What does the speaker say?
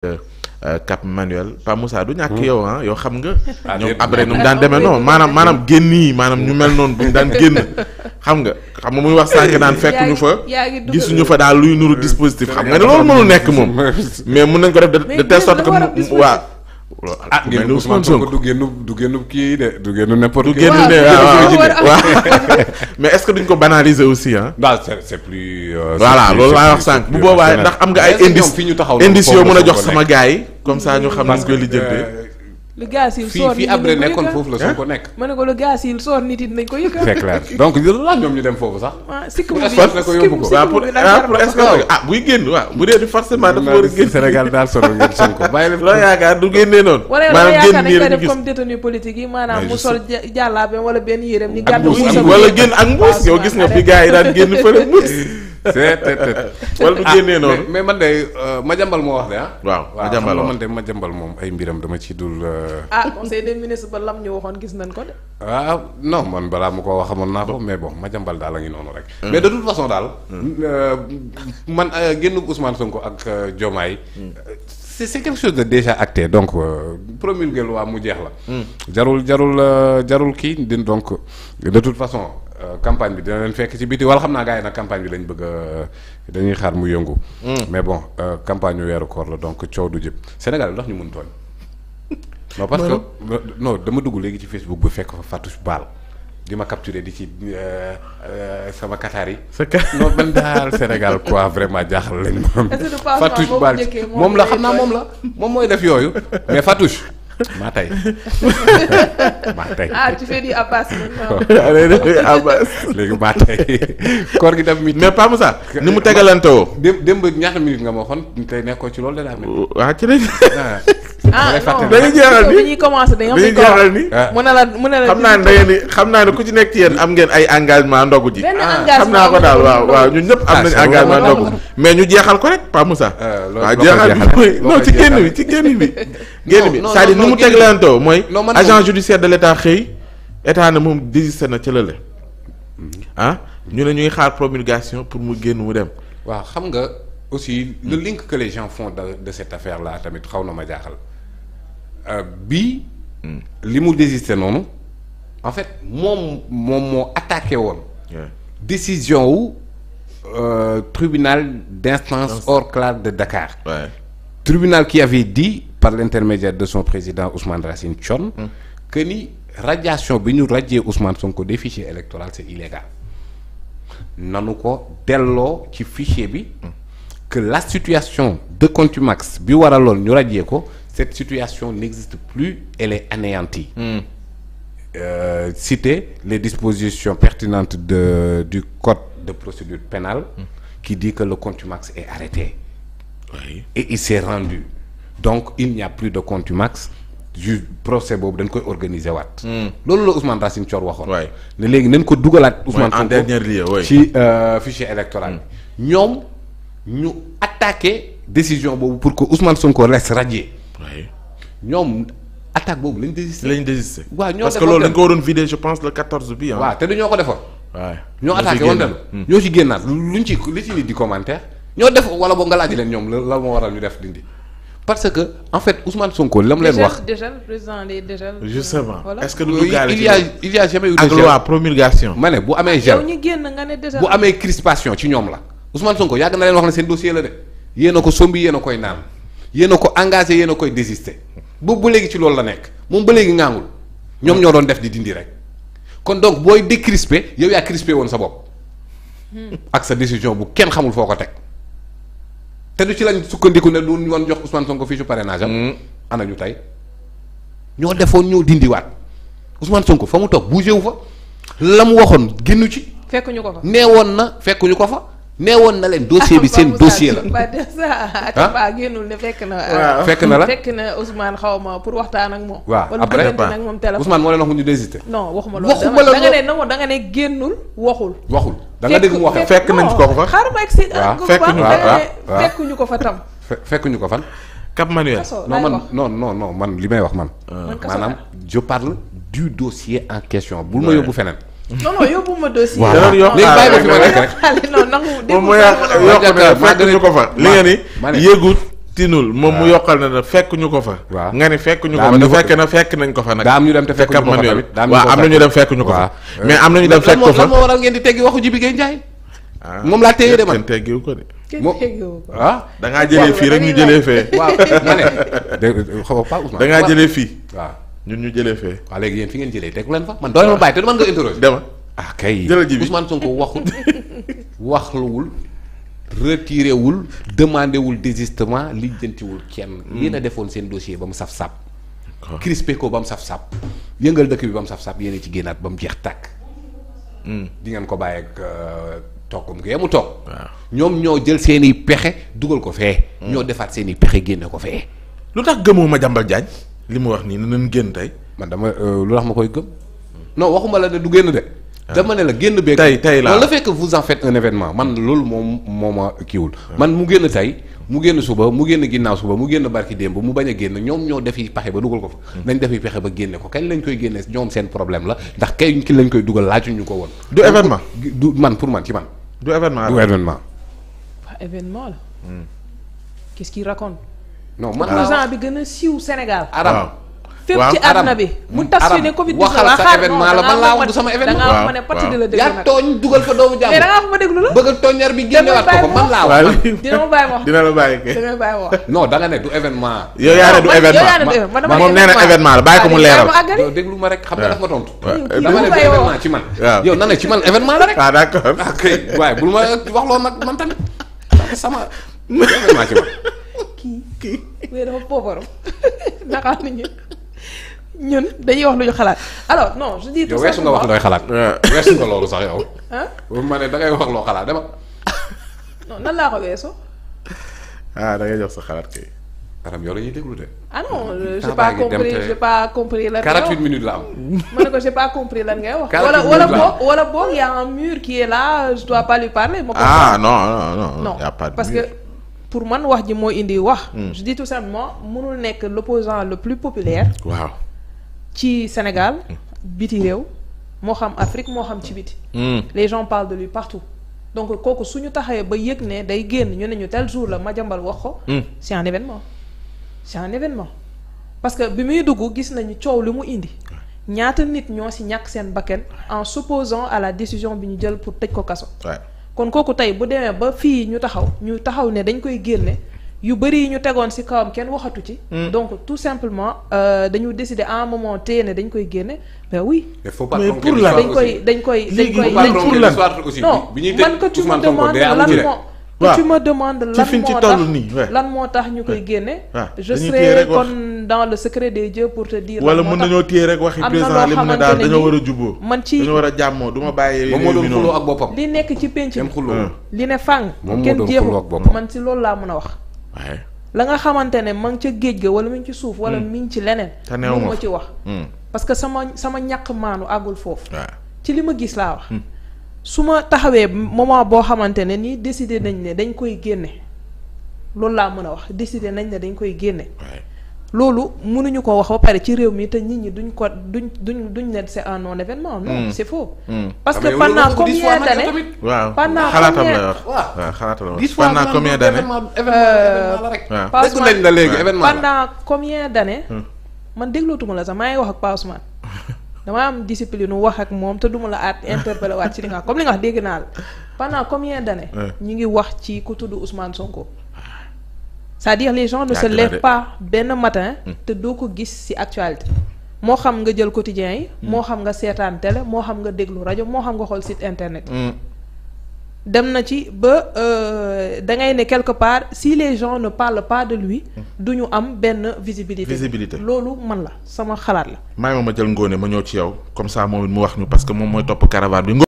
Euh, Cap Manuel Pa Moussa du ñàkk hmm. yow ah, yow xam nga. Ah, ñoom après nu mu daan demee non maanaam maanaam génn yi maanaam ñu mel noonu bu daan génn xam nga xam nga muy wax sànq daan fekk ñu fa. gisuñu fa daal luy nuru dispositif xam nga ne loolu mënul nekk moom. mais mun nañ ko def de telle sorte que waa ah génn du génn du génn kii du génn n'importe du génn de ah, ah, mais est-ce que duñ ko banaliser aussi ah waaw c'est c'est plus euh, voilà loolu laa wax sànq bu boobaa ndax am nga ay indice fi yoo mën a jox sama gars yi comme ça ñu xam nañ koy lijjantee euh, lu gaz yi soor nit yi nañ ko yëg nekkoon foofu la soo ko nekk. ma ne donc loolu la ah, ñoom ñu dem foofu sax. Ah, ah, pour est buy génn bu dee di forcément dafa war a génn Sénégal daal sonal ngeen Sonko bàyyi loo yaakaar du génnee noonu. maanaam génn nii yaakaar dañ koy def comme détenu politique yi maanaam mu sol jàllaabeem wala benn yéreem. ni gàddu wala génn ak mbuus yow gis nga fi gars yi daan génn fële mbuus wala du génnee ah, noonu mais man de euh, moo wax de ah. waaw Madiambal waaw man de moom ay mbiram dama ci dul. Euh, ah conseil des ñu waxoon gis nañ ko de. Ah, balaa mu ko wax naa mais bon Madiambal daal a rek. Hmm. mais de toute hmm. euh, man génn Ousmane Sonko ak Diomaye. Hmm. c'est c'est quelque chose de déjà acté donc promulguer loi mu jeex la. jarul jarul jarul kii donc de toute façon. Euh, campagne bi dina leen fekk ci biti wala xam naa gars yi nag campagne bi lañ bëgg a dañuy xaar mu yëngu. Hmm. mais bon euh, campagne yu weeru koor la donc coow du jëpp Sénégal ndox ñu mun tooñ. non parce que euh, non dama dugg léegi ci Facebook bu fekk fa Fatou Baal di ma capturé di ci sama Qatar sa katari Sénégal quoi vraiment jaaxal lañ moom. Fatou moom la xam naa moom la moom mooy def yooyu mais Fatou. maa tey maa tey ah tu fais du Abbas Abbas léegi maa tey koor gi daf mi mais Pa Moussa ni mu tegalante woo démb démb ñaata minute nga ma waxoon tey nekkoo ci loolu da daa mel waaw ci lañ ah. ah dañuy jeexal ni commencé dañoo fi ko jeexal ni. Ah. mu ne la mu ne la xam naa ne da xam naa ne ku ci nekk ci yéen am ngeen ay engagement ndogu ji. Ah. xam naa ko daal waaw waaw ñun ñëpp am nañu ah, engagement ndogu mais ñu jeexal ko rek Pa Moussa. waaw jeexal bi non ci génn bi ci génn bi. génn bi c'est-à-dire ni mu teglantoo mooy. agent judiciaire de l'État xëy état na moom désisté na ca lële. Mm-hmm. ah ñu ne ñuy xaar promulgation pour mu génn mu dem. waaw xam nga aussi le lien que les gens font de cette affaire là tamit xaw na ma jaaxal Euh, bii li mu désisté noonu en fait moom moom moo attaqué woon décision wu euh, tribunal d'instance hors classe de Dakar ouais. tribunal qui avait dit par l'intermédiaire de son président Ousmane Racine Thion mm. que ni radiation bi ñu radier Ousmane Sonko des fichiers électoraux c'est illégal nanu ko delloo ci fichier bi mm. que la situation de contumace bi waraloon ñu radier ko cette situation n'existe plus elle est anéantie mm. euh, citer les dispositions pertinentes de du code de procédure pénale mm. qui dit que le contumax est arrêté et il s'est rendu donc il n'y a plus de contumax ju procès boobu dañ koy organiser waat. Hmm. loolu la Ousmane Racine Thior waxoon. waay ne léegi nañ ko dugalaat. Ousmane Sonko en dernier lieu ci euh, fichier électoral bi. Hmm. ñoom ñu attaqué décision boobu pour que Ousmane Sonko reste radié. ñoom attaque boobu lañ désisté. lañ désisté waaw ñoo parce waa loolu dañ ko waroon vidé je pense le 14 bi. waaw te du ñoo ko defoon. waaw ñoo attaqué woon dem hmm. ñoo ci génnaat luñ ci li ci nit di commentaire ñoo def wala boog nga laaj leen ñoom la moo waral ñu def dindi. parce que en fait Ousmane Sonko la mu leen wax déjà président lay déjà justement est-ce ma ne bu amee gel génn nga ne déjà bu amee crispation ci ñoom la Ousmane Sonko yàgg na leen wax ne seen dossier la de yéen a ko sombi yéen a koy naan yéen a ko engagé yéen koy désister boobu ba léegi ci loolu la nekk moom ba léegi ngaangul ñoom ñoo doon def di dindi rek kon donc booy décrisper yow yaa crispé woon sa bopp hmm. ak sa décision bu kenn xamul foo ko teg te du ci lañ sukkandiku ne du ñu woon jox Ousmane Sonko fii su parrainage am hmm. ana ñu tey ñoo defoon ñoo dindiwaat Ousmane Sonko fa mu toog bougé wu fa la mu waxoon génnu ci. fekkuñu ko fa woon na fekkuñu ko fa. nee woon na leen dossier bi seen dossier la ah, Atepa génnul ne fekk na. waaw fekk na la fekk na Ousmane xaw ma pour waxtaan ak moom. waaw après nag moom téléphone Ousmane moo leen wax ñu désisté. non waxuma loolu waxuma la da nga ne da nga ne génnul waxul. waxul da nga dégg mu wax fekk nañ ko fa. xaaral ma si fekkuñu ko fa tam. fekkuñu ko fan. Cap Manuel no man non non non man li may wax man. maanaam je parle du dossier en question bul ma yóbbu feneen. non non yóbbu ma dossier. waaw léegi bàyyi ko fi ma nekk rek. non nangu déglu ma yokk ñu ko fa. moom mu yokkal na ne fekk ñu ko fa. waaw nga ni ñu ko fa te na fekk nañ ko fa nag. am ñu dem te fekk ñu ko fa tamit waaw am na ñu dem fekk ñu ko am na ñu dem ko fa lan moo waral ngeen di teggi waxu Jibi Gueye Ndiaye. Ah. moom laa téye de man ko de. Ah. ah da ngaa jëlee fii rek ñu jëlee fee. waaw ma xaw ma Pape jëlee fii. waaw ñun ñu jëlee fee. waaw léegi yéen fi ngeen jëlee tegu leen fa man doy ma bàyyi te mën nga interroger. dama ah kay jëlal ji bi Ousmane Sonko waxul waxluwul retiré wul demandé wul désistement lijjantiwul kenn. Hmm. yéen a defoon seen dossier ba mu saf sap. crispé ko ba mu saf sap. yëngal dëkk bi ba mu saf sab yéen ci génnaat ba mu jeex tàkk. Hmm. di ngeen ko bàyyeeg euh, toogum ngeen mu toog. ñoom ñoo jël seen i pexe dugal ko fee. Hmm. ñoo defaat seen i pexe génne ko fee. lu tax gëmoo ma jàmbal jaañ. li ma wax nii na leen génn tey. man dama euh, lu tax ma koy gëm. non waxuma la ne du génn de. Ah. dama ne la génn beeg. tey tey la fekk fait que vous en faites un man loolu moom moo ma kiiwul. Ah. man mu génn tey mu génn suba mu génn ginnaaw suba mu génn barki démb mu bañ a génn ñoom ñoo defi pexe ba dugal ko fa. Hmm. nañ yi pexe ba génne ko kañ lañ koy génne ñoom seen problème la ndax kañ ki lañ koy dugal laajuñu ko woon. du événement du man pour man ci man. du événement du événement. événement la. Hmm. non man opposant bi gën a siiw Sénégal. arab fépp ci àdduna bi. Mm. mu tas fi ne Covid 19 waxal sa ah, événement la man laa wax du sama événement. waaw waaw da ngaa wax ma ne la bëgg a bi génnewaat ko ko man laa wax. dina ma bàyyi ma wax dina la bàyyi ma wax. nee na événement la bàyyi ko mu leeral. yow déglu ma rek xam nga dafa tontu. waaw dama ne du événement ci man. waaw yow na ne ci man événement la rek. ah d'accord. Ah, waaye bul ma wax loolu nag man tamit sama événement ci man kii kii mais dafa poobaru ndaxaar nañu ñun dañuy wax lu ñu xalaat alors non je dis. tout ça weesu nga wax looy xalaat. weesu nga loolu sax yow. ah ma ne da wax loo xalaat dama. non nan laa ko weesu. ah dangay jox sa xalaat kay. aram yow la ñuy déglu de. ah non j'ai pas compris j'ai pas compris lan. la am. ma ne ko j'ai pas compris lan ngay wax. 48 minutes la am wala wala boog wala boog y a je dois pas lui parler. ma ah non non non. non y a pas de mur parce que. pour man wax ji moo indi wax. Hmm. je dis tout simplement mënul nekk l'opposant le plus populaire. waaw ci Sénégal. Hmm. biti réew moo xam Afrique moo xam ci biti. Hmm. les gens parlent de lui partout. donc kooku suñu taxawee ba yëg ne day génn ñu ne ñu tel jour la ma Madiambal wax ko. c'est un événement c'est un événement. parce que bi muy dugg gis nañu coow li mu indi. ñaata nit ñoo ci ñàkk seen bakken en s'opposant à la décision bi ñu jël pour tëj ko kaso. kon kooku tey bu demee ba fii ñu taxaw ñu taxaw ne dañ koy génne yu bëri yi ñu tegoon ci kawam kenn waxatu ci. Hmm. donc tout simplement euh, dañu décider à un moment téye ne dañ koy génne ben oui. mais faut pas dañ koy dañ koy dañ koy. léegi pour lan non man que tu me demandes lan moo waaw tu me demandes lan moo tax lan moo tax ñu koy génne. je serai kon dans le secret des dieux wala mën nañoo téye rek waxi président li mu ne daal dañoo war a jubboo. man ci war a jàmmoo du ma bàyyi. moom moo doon hmm. xuloo ak boppam nekk ci penc li ne fàng. kenn jeexul man si loolu laa mën a wax. la nga xamante ne ma ngi ca géej ga wala mi ngi ci suuf wala hmm. mi ngi ci leneen. te ma ci wax. Hmm. parce que sama sama ñàkk maanu àggul foofu. ci li ma gis laa wax. su ma taxawee moment boo xamante ne nii décidé nañ ne dañ koy génne loolu laa mën a wax décidé nañ ne dañ koy génne. loolu mënuñu ko wax ba pare ci réew mi te nit ñi duñ ko duñ duñ duñ ne c'est un non événement. Hmm. non c'est faux. Hmm. parce ah, que pendant combien d'années waaw xalaatam la wax waaw xalaatam la wax pendant combien d'années pendant combien d'années man déglootuma la sax maa wax ak Pa dama am discipline wax ak moom te duma la aat interpellé waat ci li nga comme li nga wax dégg naa la pendant combien d'années ñu ngi wax ci ku tudd Ousmane Sonko sa à dire les gens ne se pas benn matin hmm. te doo ko gis ci actualité moo xam nga jël quotidien yi hmm. moo xam nga seetaan tele moo xam nga déglu rajo moo xam nga xool site internet hmm. dem na ci ba euh, da ngay ne quelque part si les gens ne parlent de lui mm. du ñu am benn visibilité visibilité loolu man la sama xalaat la. may ma ma jël ngóone ma ñëw ci yow comme ça moom it wax ñu parce moom mooy topp caravane bi.